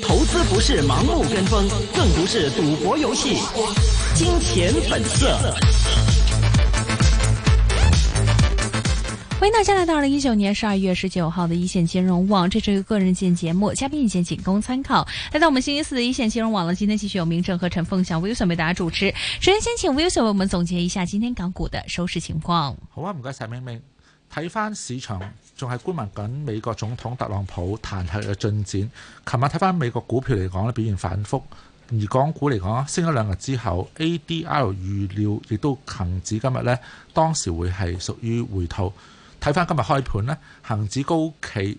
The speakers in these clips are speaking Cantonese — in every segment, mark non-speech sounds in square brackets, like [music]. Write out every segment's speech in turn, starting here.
投資不是盲目跟風，更不是賭博遊戲。金錢本色。歡迎大家來到二零一九年十二月十九號的一線金融網，這是一個個人見節目，嘉賓意見僅供參考。來到我們星期四的一線金融網絡，今天繼續有明正和陳鳳翔、Wilson 為大家主持。首先先請 Wilson 為我們總結一下今天港股的收市情況。好啊，唔該，Sammy。睇翻市場，仲係觀望緊美國總統特朗普彈劾嘅進展。琴日睇翻美國股票嚟講咧，表現反覆；而港股嚟講升咗兩日之後 ADR 預料亦都恆指今日呢當時會係屬於回吐。睇翻今日開盤呢，恒指高企，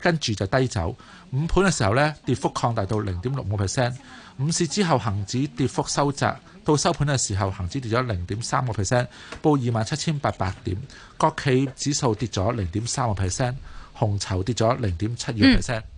跟住就低走。午盤嘅時候呢，跌幅擴大到零點六五 percent。午市之後，恒指跌幅收窄。到收盤嘅時候，恒指跌咗零點三個 percent，報二萬七千八百點；國企指數跌咗零點三個 percent，紅籌跌咗零點七二 percent。嗯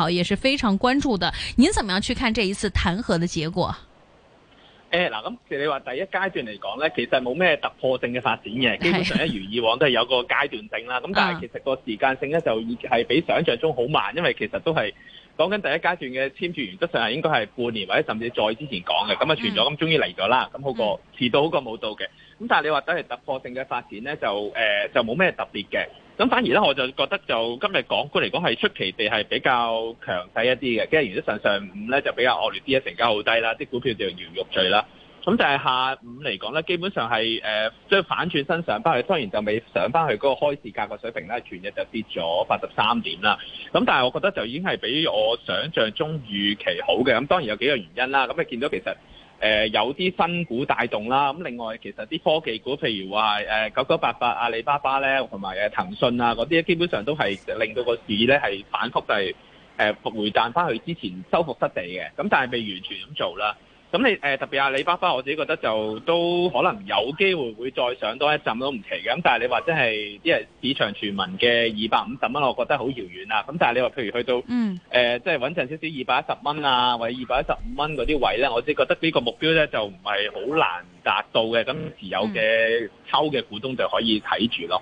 也是非常關注的，您怎麼樣去看這一次彈劾的結果？誒、呃，嗱，咁其實你話第一階段嚟講咧，其實冇咩突破性嘅發展嘅， [laughs] 基本上一如以往都係有個階段性啦。咁 [laughs] 但係其實個時間性咧就係、是、比想象中好慢，因為其實都係講緊第一階段嘅簽署原則上係應該係半年或者甚至再之前講嘅，咁啊存咗，咁 [laughs] 終於嚟咗啦，咁好過 [laughs] 遲到好過冇到嘅。咁但係你話真係突破性嘅發展咧，就誒、呃、就冇咩特別嘅。咁反而咧，我就覺得就今日港股嚟講係出奇地係比較強勢一啲嘅，跟住然之上上午咧就比較惡劣啲，成交好低啦，啲股票就搖搖欲墜啦。咁但係下午嚟講咧，基本上係將即反轉身上翻去，當然就未上翻去嗰個開市價嘅水平啦，全日就跌咗八十三點啦。咁但係我覺得就已經係比我想像中預期好嘅。咁當然有幾個原因啦。咁你見到其實。誒、呃、有啲新股帶動啦，咁另外其實啲科技股，譬如話誒、呃、九九八八、阿里巴巴咧，同埋誒騰訊啊嗰啲，基本上都係令到個市咧係反覆就係誒回彈翻去之前收復失地嘅，咁但係未完全咁做啦。咁你誒、呃、特別阿里巴巴，我自己覺得就都可能有機會會再上多一陣都唔奇嘅。咁但係你話即係即係市場全民嘅二百五十蚊，我覺得好遙遠啦、啊。咁但係你話譬如去到誒即係穩陣少少二百一十蚊啊，或者二百一十五蚊嗰啲位咧，我自己覺得呢個目標咧就唔係好難達到嘅。咁持有嘅抽嘅股東就可以睇住咯。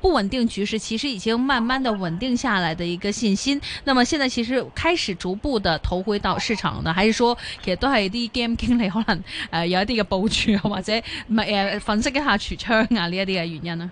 不穩定局勢其實已經慢慢的穩定下來的一個信心，那麼現在其實開始逐步的投回到市場呢，還是說其實都係啲 game 經理可能誒、呃、有一啲嘅部署或者係誒粉飾一下櫥窗啊呢一啲嘅原因呢？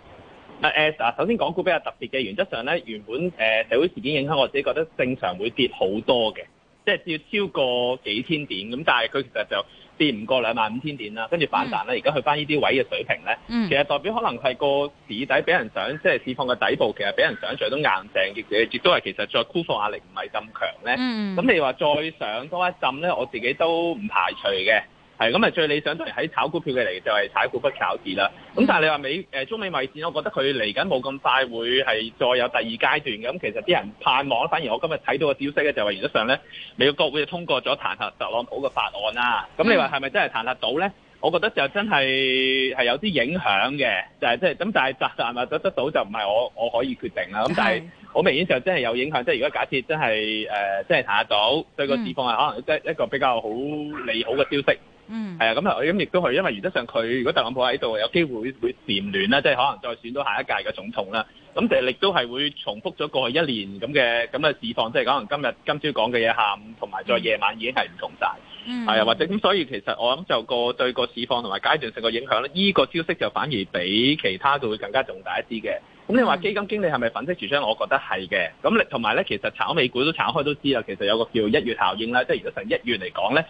誒誒、呃，首先港股比較特別嘅，原則上咧原本誒、呃、社會事件影響我自己覺得正常會跌好多嘅，即係要超過幾千點咁，但係佢其實就跌唔過兩萬五千點啦，跟住反彈咧，而家去返呢啲位嘅水平咧，mm. 其實代表可能係個市底俾人想即係市況嘅底部，其實俾人想象都硬淨，亦或都係其實再箍放壓力唔係咁強咧。咁、mm. 你話再上多一浸咧，我自己都唔排除嘅。係咁啊！最理想都係喺炒股票嘅嚟，就係炒股不炒市啦。咁但係你話美誒中美貿易戰，我覺得佢嚟緊冇咁快會係再有第二階段嘅。咁其實啲人盼望，反而我今日睇到嘅消息咧，就係原則上咧，美國國會就通過咗彈劾特朗普嘅法案啊。咁你話係咪真係彈劾到咧？我覺得就真係係有啲影響嘅，就係即係咁。但係彈劾唔得得到就唔係我我可以決定啦。咁是但係好明顯就真係有影響。即係如果假設真係誒、呃、真係彈劾到，對個市況係可能一一個比較好利好嘅消息。嗯，係啊、mm，咁、hmm. 啊，咁亦都係，因為原則上佢如果特朗普喺度，有機會會蟬聯啦，即係可能再選到下一屆嘅總統啦。咁其實亦都係會重複咗過去一年咁嘅咁嘅市況，即係可能今日今朝講嘅嘢，下午同埋再夜晚已經係唔同晒，係啊、mm hmm.，或者咁，所以其實我諗就個對個市況同埋階段性嘅影響咧，呢、呢個消息就反而比其他就會更加重大一啲嘅。咁你話基金經理係咪粉飾櫥窗？我覺得係嘅。咁同埋咧，其實炒美股都炒開都知啦。其實有個叫一月效應啦，即係如果成一月嚟講咧，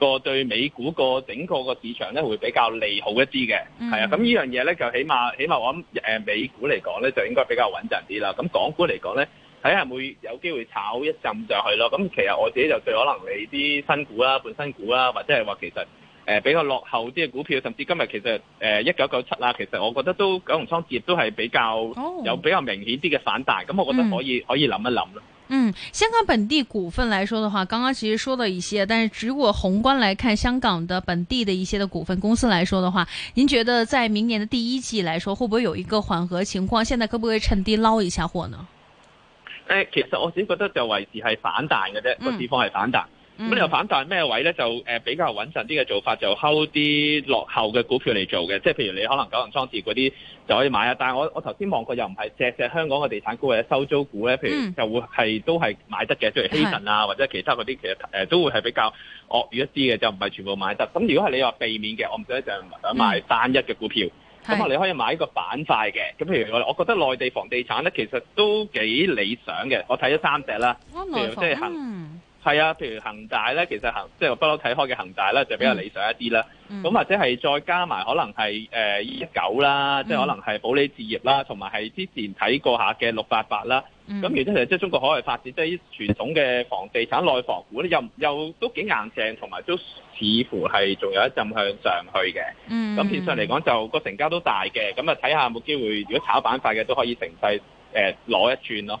個對美股個整個個市場咧會比較利好一啲嘅。係啊，咁呢樣嘢咧就起碼起碼我諗誒美股嚟講咧就應該比較穩陣啲啦。咁港股嚟講咧，睇下會有機會炒一浸上去咯。咁其實我自己就最可能你啲新股啦、半新股啦，或者係話其實。誒、呃，比較落後啲嘅股票，甚至今日其實誒一九九七啦，其實我覺得都九龍倉置業都係比較有、oh. 比較明顯啲嘅反彈，咁我覺得可以、嗯、可以諗一諗咯。嗯，香港本地股份來說的話，剛剛其實說了一些，但是如果宏觀來看香港的本地的一些的股份公司來說的話，您覺得在明年的第一季來說，會不會有一個緩和情況？現在可不可以趁低撈一下貨呢？誒、呃，其實我自己覺得就維持係反彈嘅啫，個地方係反彈。咁、嗯、你又反彈咩位咧？就誒比較穩陣啲嘅做法，就 hold 啲落後嘅股票嚟做嘅。即係譬如你可能九龍倉置嗰啲就可以買啊。但係我我頭先望過，又唔係隻隻香港嘅地產股或者收租股咧，譬如就會係都係買得嘅，即係希慎啊，是或者其他嗰啲其實、呃、都會係比較惡於一啲嘅，就唔係全部買得。咁如果係你話避免嘅，我唔想就買單一嘅股票。咁啊、嗯，你可以買一個板塊嘅。咁譬如我我覺得內地房地產咧，其實都幾理想嘅。我睇咗三隻啦，即係行。係啊，譬如恒大咧，其實即係不嬲睇開嘅恒大咧，就比較理想一啲啦。咁、嗯、或者係再加埋可能係誒一九啦，即係可能係保利置業啦，同埋係之前睇過下嘅六八八啦。咁其實即係中國海外發展，即係啲傳統嘅房地產內房股咧，又又都幾硬淨，同埋都似乎係仲有一陣向上去嘅。咁、嗯、變相嚟講，就個成交都大嘅，咁啊睇下有冇機會，如果炒板塊嘅都可以乘勢誒攞一轉咯。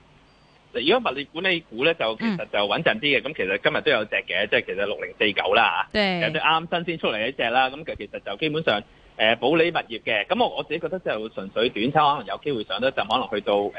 如果物業管理股咧，就其實就穩陣啲嘅。咁、嗯、其實今日都有隻嘅，即係對其實六零四九啦，有啲啱新先出嚟嘅隻啦。咁其實其實就基本上誒、呃、保理物業嘅。咁我我自己覺得就純粹短炒，可能有機會上得一陣，就可能去到誒五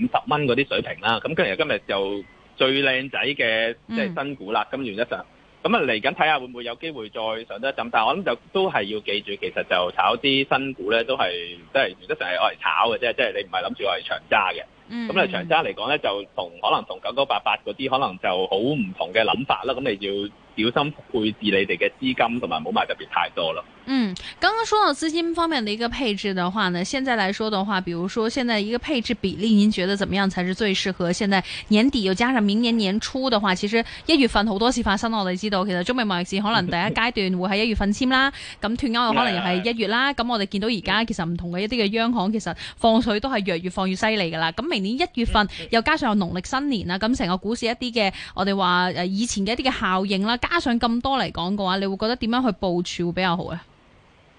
十蚊嗰啲水平啦。咁跟住今日就最靚仔嘅即係新股啦。咁、嗯、原則上，咁啊嚟緊睇下看看會唔會有機會再上得一陣。但係我諗就都係要記住，其實就炒啲新股咧，都係即係原則上係攞嚟炒嘅啫。即係你唔係諗住攞嚟長揸嘅。咁咧，嗯、長沙嚟講咧，就同可能同九九八八嗰啲可能就好唔同嘅諗法啦。咁你要。小心配置你哋嘅資金，同埋唔好買特別太多啦，嗯，剛剛說到資金方面嘅一個配置嘅話呢？現在嚟說嘅話，比如說，現在一個配置比例，您覺得點樣才是最適合？現在年底又加上明年年初嘅話，其實一月份好多事發生。我哋知道，其實中美貿易戰可能第一階段會喺一月份簽啦，咁脫歐可能又係一月啦。咁我哋見到而家其實唔同嘅一啲嘅央行其實放水都係越越放越犀利㗎啦。咁明年一月份又加上農曆新年啦，咁成個股市一啲嘅我哋話誒以前嘅一啲嘅效應啦。加上咁多嚟講嘅話，你會覺得點樣去部署會比較好咧？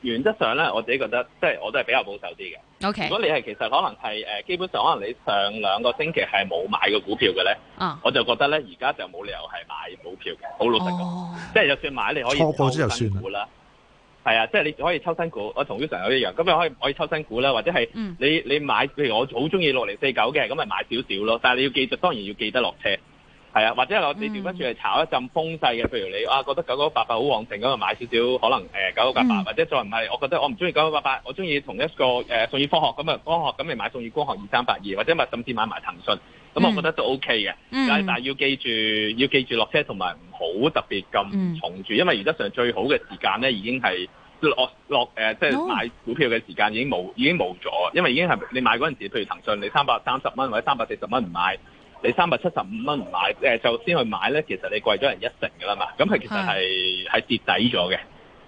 原則上咧，我自己覺得即係我都係比較保守啲嘅。O Okay . K，如果你係其實可能係誒基本上可能你上兩個星期係冇買過股票嘅咧，uh. 我就覺得咧而家就冇理由係買股票嘅，好老實講。Oh. 即係就算買，你可以抽波之後算啦。係啊，即係你可以抽新股。我同 u 常 o n 一樣，咁你可以可以抽新股啦，或者係你、嗯、你買譬如我好中意六零四九嘅，咁咪買少少咯。但係你要記得，當然要記得落車。係啊，或者我你調翻住，嚟炒一陣風勢嘅，譬如你啊覺得九九八八好旺盛咁啊，買少少可能誒九九八八，呃800，嗯、或者再唔係，我覺得我唔中意九九八八，我中意同一個誒、呃、舜宇科學咁啊，光學咁你買舜宇光學二三八二，或者咪甚至買埋騰訊，咁我覺得都 O K 嘅。但係但係要記住要記住落車同埋唔好特別咁重注，嗯、因為原則上最好嘅時間咧已經係落落誒，即、呃、係、就是、買股票嘅時間已經冇已經冇咗，因為已經係你買嗰陣時，譬如騰訊你三百三十蚊或者三百四十蚊唔買。你三百七十五蚊唔買，誒就先去買咧，其實你貴咗人一成噶啦嘛，咁佢其實係係跌底咗嘅，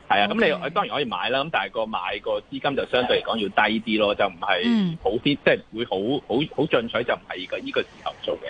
係啊的，咁你當然可以買啦，咁但係個買個資金就相對嚟講要低啲咯，就唔係好啲，即係的會好好好進取就唔係個呢個時候做嘅。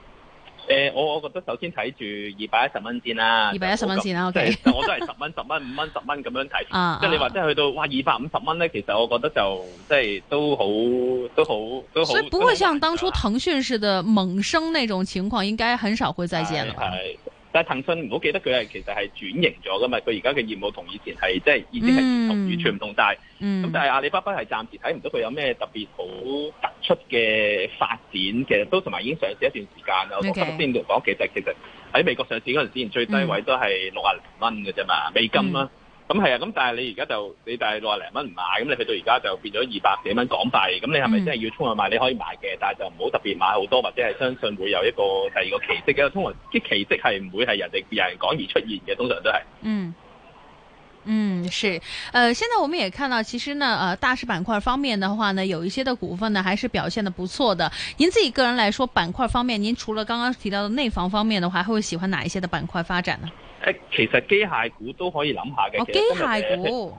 誒、呃，我我覺得首先睇住二百一十蚊先啦，二百一十蚊先啦我，OK， [laughs] 我都係十蚊、十蚊、五蚊、十蚊咁樣睇住、 [laughs] 啊啊。即係你話即係去到哇二百五十蚊咧，其實我覺得就即係都好，都好，都好。所以不會像當初騰訊式的猛升那種情況，嗯、應該很少會再見啦。但係騰訊，唔好記得佢係其實係轉型咗噶嘛，佢而家嘅業務同以前係即係已經係完全唔同曬。咁、嗯、但係阿里巴巴係暫時睇唔到佢有咩特別好突出嘅發展嘅，都同埋已經上市一段時間啦。Okay. 我啱先同你講，其實其實喺美國上市嗰陣時，之前最低位都係六啊零蚊嘅啫嘛，美金啦、啊。嗯咁係啊，咁、嗯、但係你而家就你但係六十零蚊唔買，咁你去到而家就變咗二百幾蚊港幣，咁你係咪真係要衝去買？你可以買嘅，但係就唔好特別買好多，或者係相信會有一個第二個奇蹟嘅。因為通常啲奇蹟係唔會係人哋有人講而出現嘅，通常都係。嗯嗯，是。呃，現在我們也看到，其實呢，呃，大市板塊方面的話呢，有一些的股份呢，還是表現得不錯的。您自己個人來說，板塊方面，您除了剛剛提到的內房方面的話，還會喜歡哪一些的板塊發展呢？誒，其實機械股都可以諗下嘅。機、哦、械股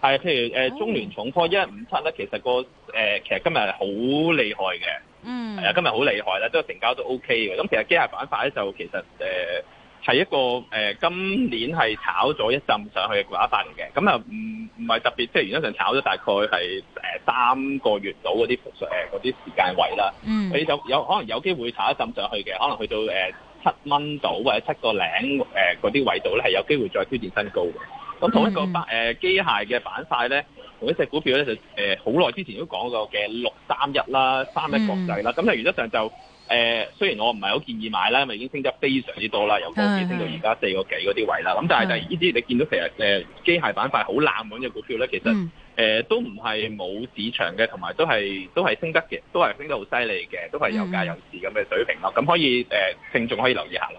係，譬如誒中聯重科一一五七咧，其實個誒，其實今日係好厲害嘅。嗯，係啊，今日好厲害啦，都成交都 OK 嘅。咁其實機械板塊咧就其實誒係一個誒今年係炒咗一浸上去嘅板塊嚟嘅。咁啊，唔唔係特別，即係原則上炒咗大概係誒三個月到嗰啲誒嗰啲時間位啦。嗯，佢就有可能有機會炒一浸上去嘅，可能去到誒。七蚊到或者七個零誒嗰啲位度咧，係有機會再挑戰新高嘅。咁同一個板誒機械嘅板塊咧，mm hmm. 同一隻股票咧就誒好耐之前都講過嘅六三一啦、三一國際啦。咁嚟、mm hmm. 原則上就誒、呃，雖然我唔係好建議買啦，因為已經升得非常之多啦，由嗰幾升到而家四個幾嗰啲位啦。咁、mm hmm. 但係就呢啲你見到其實誒、呃、機械板塊好冷門嘅股票咧，其實、mm。Hmm. 誒、呃、都唔係冇市場嘅，同埋都係都係升得嘅，都係升得好犀利嘅，都係有價有市咁嘅水平咯，咁、mm. 可以誒聽眾可以留意下咯。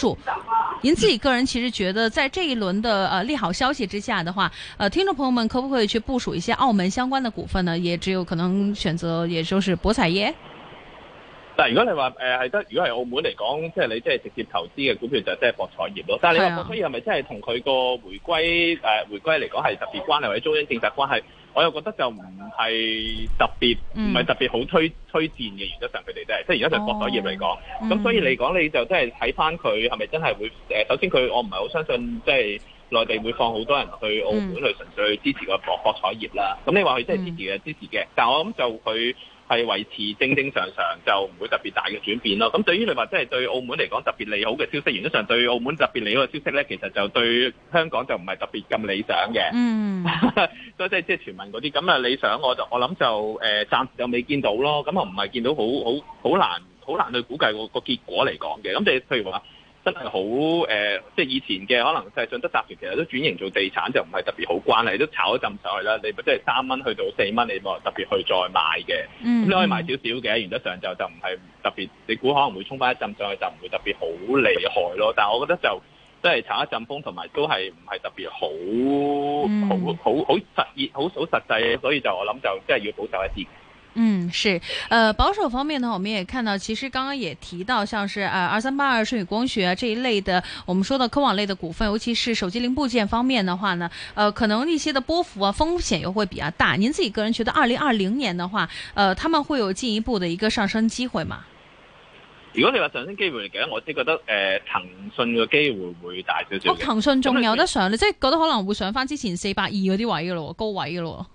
您自己個人其實覺得，在這一輪的呃利好消息之下的話，呃聽眾朋友們可不可以去部署一些澳門相關的股份呢？也只有可能選擇，也就是博彩業。但如果你話誒係得，如果係澳門嚟講，即係你即係直接投資嘅股票就即係博彩業咯。但係你話博彩業係咪真係同佢個回歸誒、呃、回歸嚟講係特別關係或者中英政策關係？我又覺得就唔係特別，唔係特別好推推薦嘅。原則上、就是，佢哋都係，即係而家就博彩業嚟講。咁、哦、所以嚟講，你就，就是是真係睇翻佢係咪真係會？嗯、首先佢我唔係好相信，即係內地會放好多人去澳門去、嗯、純粹去支持個博博彩業啦。咁你話佢真係支持嘅，嗯、支持嘅，但係我諗就佢。係維持正正常常，就唔會特別大嘅轉變咯。咁對於你話即係對澳門嚟講特別利好嘅消息，原則上對澳門特別利好嘅消息咧，其實就對香港就唔係特別咁理想嘅。嗯， [laughs] 所以即係即係傳聞嗰啲。咁啊，理想我就我諗就誒暫時就未見到咯。咁啊，唔係見到好好好難好難去估計個個結果嚟講嘅。咁即係譬如話。真係好誒，即係以前嘅可能，就信德集團其實都轉型做地產，就唔係特別好關係，都炒一陣上去啦。你即係三蚊去到四蚊，你冇特別去再買嘅。咁、mm hmm. 你可以買少少嘅，原則上就就唔係特別，你估可能會衝翻一陣上去，就唔會特別好厲害咯。但係我覺得就真係、就係、炒一陣風，同埋都係唔係特別好、mm hmm. 好好好實業好好實際，所以就我諗就即係要保守一啲。嗯，是，呃，保守方面呢，我們也看到，其實剛剛也提到，像是呃二三八二舜宇光學啊，這一類的，我們說的科網類的股份，尤其是手機零部件方面的話呢，呃，可能一些的波幅啊，風險又會比較大。您自己個人覺得，二零二零年的話，呃，他們會有進一步的一個上升機會嗎？如果你話上升機會嚟講，我只覺得，呃騰訊嘅機會會大少少。哦，騰訊仲有得上？你即係覺得可能會上翻之前四百二嗰啲位嘅咯，高位嘅咯。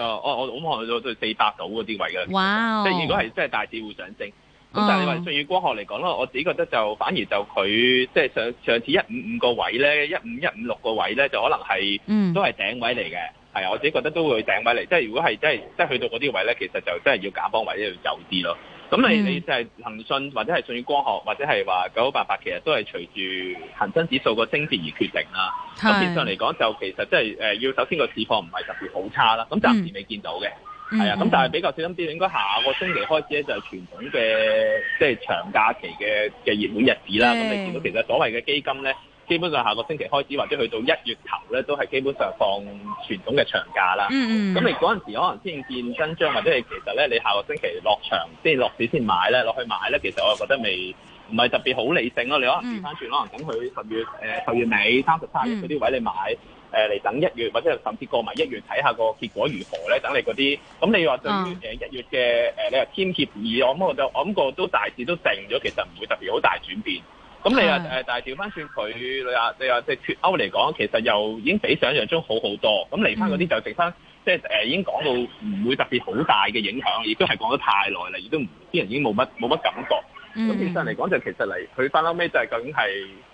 哦，我我咁看咗到四百度嗰啲位嘅，Wow 即係如果係真係大致會上升，咁、嗯、但係你話舜宇光學嚟講咯，我自己覺得就反而就佢即係上上次一五五個位咧，一五一五六個位咧，就可能係都係頂位嚟嘅，係啊、嗯，我自己覺得都會頂位嚟，即係如果係真係即係去到嗰啲位咧，其實就真係要減磅或者要有啲咯。咁你、嗯、你就係騰訊或者係舜宇光學或者係話九九八八，其實都係隨住恒生指數個升跌而決定啦是。咁變相嚟講，就其實即係誒，要首先個市況唔係特別好差啦。咁暫時未見到嘅，啊。咁但係比較小心啲，應該下個星期開始咧，就係傳統嘅即係長假期嘅嘅熱門日子啦。咁是你見到其實所謂嘅基金咧。基本上下個星期開始，或者去到一月頭咧，都係基本上放傳統嘅長假啦。咁、mm hmm. 你嗰陣時可能先見真章，或者係其實咧，你下個星期落場先落市先買咧，落去買咧，其實我覺得未唔係特別好理性咯。你可能調翻轉，可能等佢十月、呃、十月尾三十三月嗰啲位你買誒嚟、mm hmm. 呃、等一月，或者甚至過埋一月睇下個結果如何咧。等你嗰啲，咁你話對於誒一月嘅誒、mm hmm. 呃、你話簽協議，我冇就我諗過都大致都定咗，其實唔會特別好大轉變。咁你啊誒，嗯嗯、但係調翻轉佢，你話你話即係脱歐嚟講，其實又已經比想像中好好多。咁嚟翻嗰啲就剩翻，即係已經講到唔會特別好大嘅影響，亦都係講得太耐啦，亦都唔啲人已經冇乜冇乜感覺。咁、嗯嗯、其實嚟講，就其實嚟佢翻嬲尾就係究竟係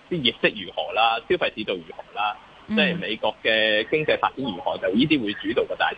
啲業績如何啦，消費指數如何啦，即係、嗯、美國嘅經濟發展如何，就依啲會主導個大市。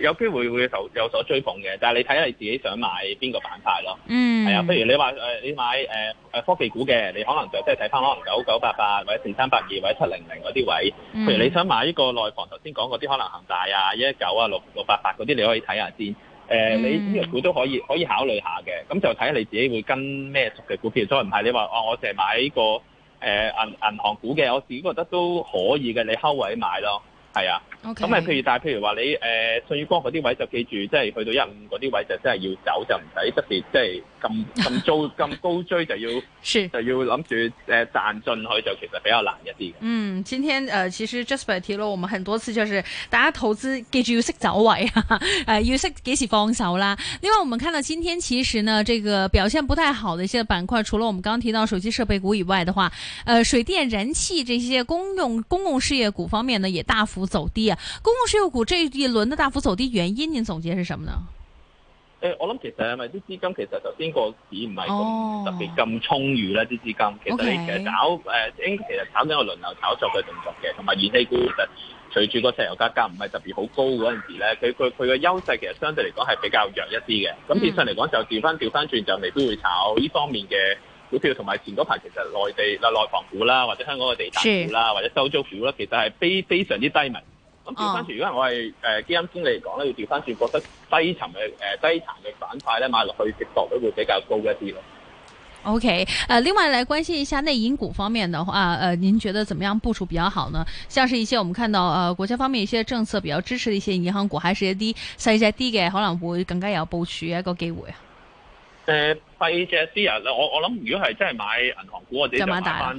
有機會會有有所追捧嘅，但係你睇下你自己想買邊個板塊咯。嗯，係啊，譬如你話誒，你買誒誒、呃、科技股嘅，你可能就即係睇翻可能九九八八或者四三八二或者七零零嗰啲位。嗯、譬如你想買呢個內房，頭先講嗰啲可能恒大啊、一九啊、六六八八嗰啲，你可以睇下先看。誒、呃，嗯、你呢個股都可以可以考慮一下嘅，咁就睇下你自己會跟咩熟嘅股票。所以唔係你話哦，我淨係買呢個誒銀、呃、銀行股嘅，我自己覺得都可以嘅，你蝦位買咯。係啊，咁咪 Okay. 譬如，但係譬如話你誒信義光嗰啲位就記住，即係去到一五嗰啲位就真係要走，就唔使特別即係咁咁追咁高追就要，是就要諗住誒賺進去就其實比較難一啲嘅。嗯，今天誒、呃、其實 Jasper 提了，我們很多次，就是大家投資記住要識走位啊，誒要識幾時放手啦。另外，我們看到今天其實呢，這個表現不太好的一些板塊，除了我們剛剛提到手機設備股以外的話，呃、水電、燃氣這些公用公共事業股方面呢，也大幅。股走低啊！公共事業股這一輪的大幅走低原因，您總結是什麼呢？誒、欸，我諗其實係咪啲資金其實就邊個市唔係特別咁充裕咧？啲資、oh. 金其實你其實炒誒，應 Okay.、呃、其實炒緊個輪流炒作嘅動作嘅，同埋燃氣股其實隨住個石油價格唔係特別好高嗰陣時咧，佢佢佢個優勢其實相對嚟講係比較弱一啲嘅。咁變相嚟講就調翻調翻轉就未必會炒呢方面嘅。股票同埋前嗰排其實內地嗱內房股啦，或者香港嘅地產股啦，是或者收租股啦，其實係非非常之低迷。咁調翻轉，如果我係誒基金經理嚟講咧，要調翻轉，覺得低層嘅誒低層嘅板塊咧，買落去，值搏率都會比較高一啲咯。OK，誒、呃、另外嚟關心一下內銀股方面嘅話，誒、呃、您覺得怎點樣部署比較好呢？像是一些我們看到誒、呃、國家方面一些政策比較支持嘅一些銀行股，還是啲細隻啲嘅可能會更加有部署嘅一個機會啊？誒細隻啲啊！我我諗，如果係真係買銀行股，我自己就買翻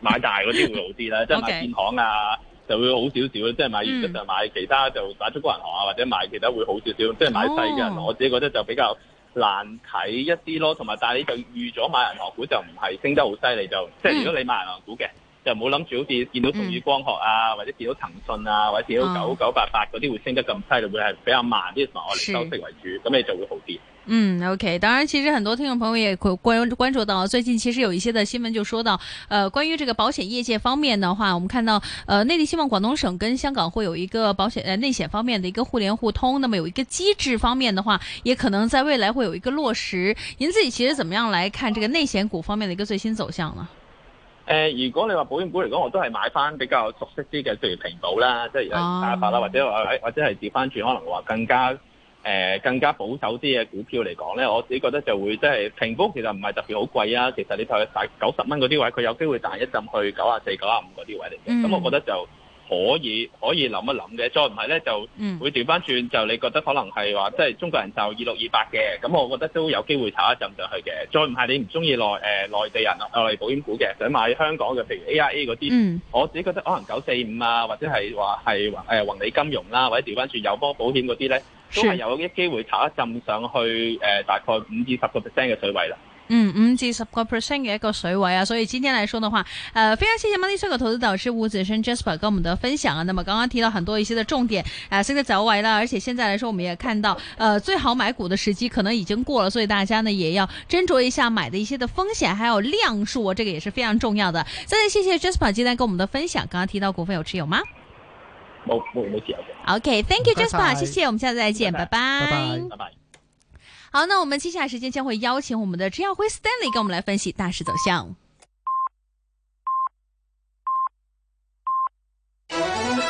買大嗰啲會好啲咧。即係買建 [laughs] 行啊，就會好少少。即、就、係、是、買餘額 Okay. 就買其他，就買中國銀行啊，或者買其他會好少少。即係、嗯、買細嘅銀行，我自己覺得就比較難睇一啲咯。同埋但係你就預咗買銀行股就唔係升得好犀利，就即係、就是、如果你買銀行股嘅，就冇諗住好似見到舜宇光學啊，嗯、或者見到騰訊啊，或者見到九九八八嗰啲會升得咁犀利，會係比較慢啲，同埋我哋收息為主，咁、嗯、你就會好啲。嗯，OK，當然，其實很多聽眾朋友也關關注到，最近其實有一些的新聞就說到，呃，關於這個保險業界方面的話，我們看到，呃，內地希望廣東省跟香港會有一個保險呃內險方面的一個互聯互通，那麼有一個機制方面的話，也可能在未來會有一個落實。您自己其實怎麼樣來看這個內險股方面的一個最新走向呢？呃，如果你話保險股嚟講，我都係買翻比較熟悉啲嘅，譬如平保啦，啊、即係而家嘉華啦，或者我誒，或者係調翻轉，可能話更加。誒、呃、更加保守啲嘅股票嚟講咧，我自己覺得就會即係評估其實唔係特別好貴啊。其實你睇下大九十蚊嗰啲位，佢有機會彈一陣去九啊四、九啊五嗰啲位嚟嘅。咁我覺得就可以可以諗一諗嘅。再唔係咧就會調翻轉，就你覺得可能係話即係中國人壽二六二八嘅，咁我覺得都有機會炒一陣上去嘅。再唔係你唔中意內誒內地人啊，內地保險股嘅，想買香港嘅，譬如 AIA 嗰啲，嗯、我自己覺得可能九四五啊，或者係話係誒宏利金融啦，或者調翻轉友邦保險嗰啲咧。都係有一啲機會，炒一浸上去，誒、呃，大概五至十個 percent 嘅水位啦。嗯，五至十個 percent 嘅一個水位啊，所以今天嚟講的話，誒、呃，非常謝謝 Money Circle 投資導師吳子軒 Jasper 跟我們的分享啊。那麼剛剛提到很多一些的重點啊，現在走位啦。而且現在來說，我們也看到，誒、呃，最好買股的時機可能已經過了，所以大家呢也要斟酌一下買的一些的風險，還有量數啊，這個也是非常重要的。再次謝謝 Jasper 今天跟我們的分享，剛剛提到股份有持有嗎？啊、OK，Thank、okay, you 拜 Jasper，謝謝，我們下次再見，拜拜。拜拜。好，那我們接下來時間將會邀請我們的陳耀輝 Stanley 跟我們來分析大勢走向。 [noise]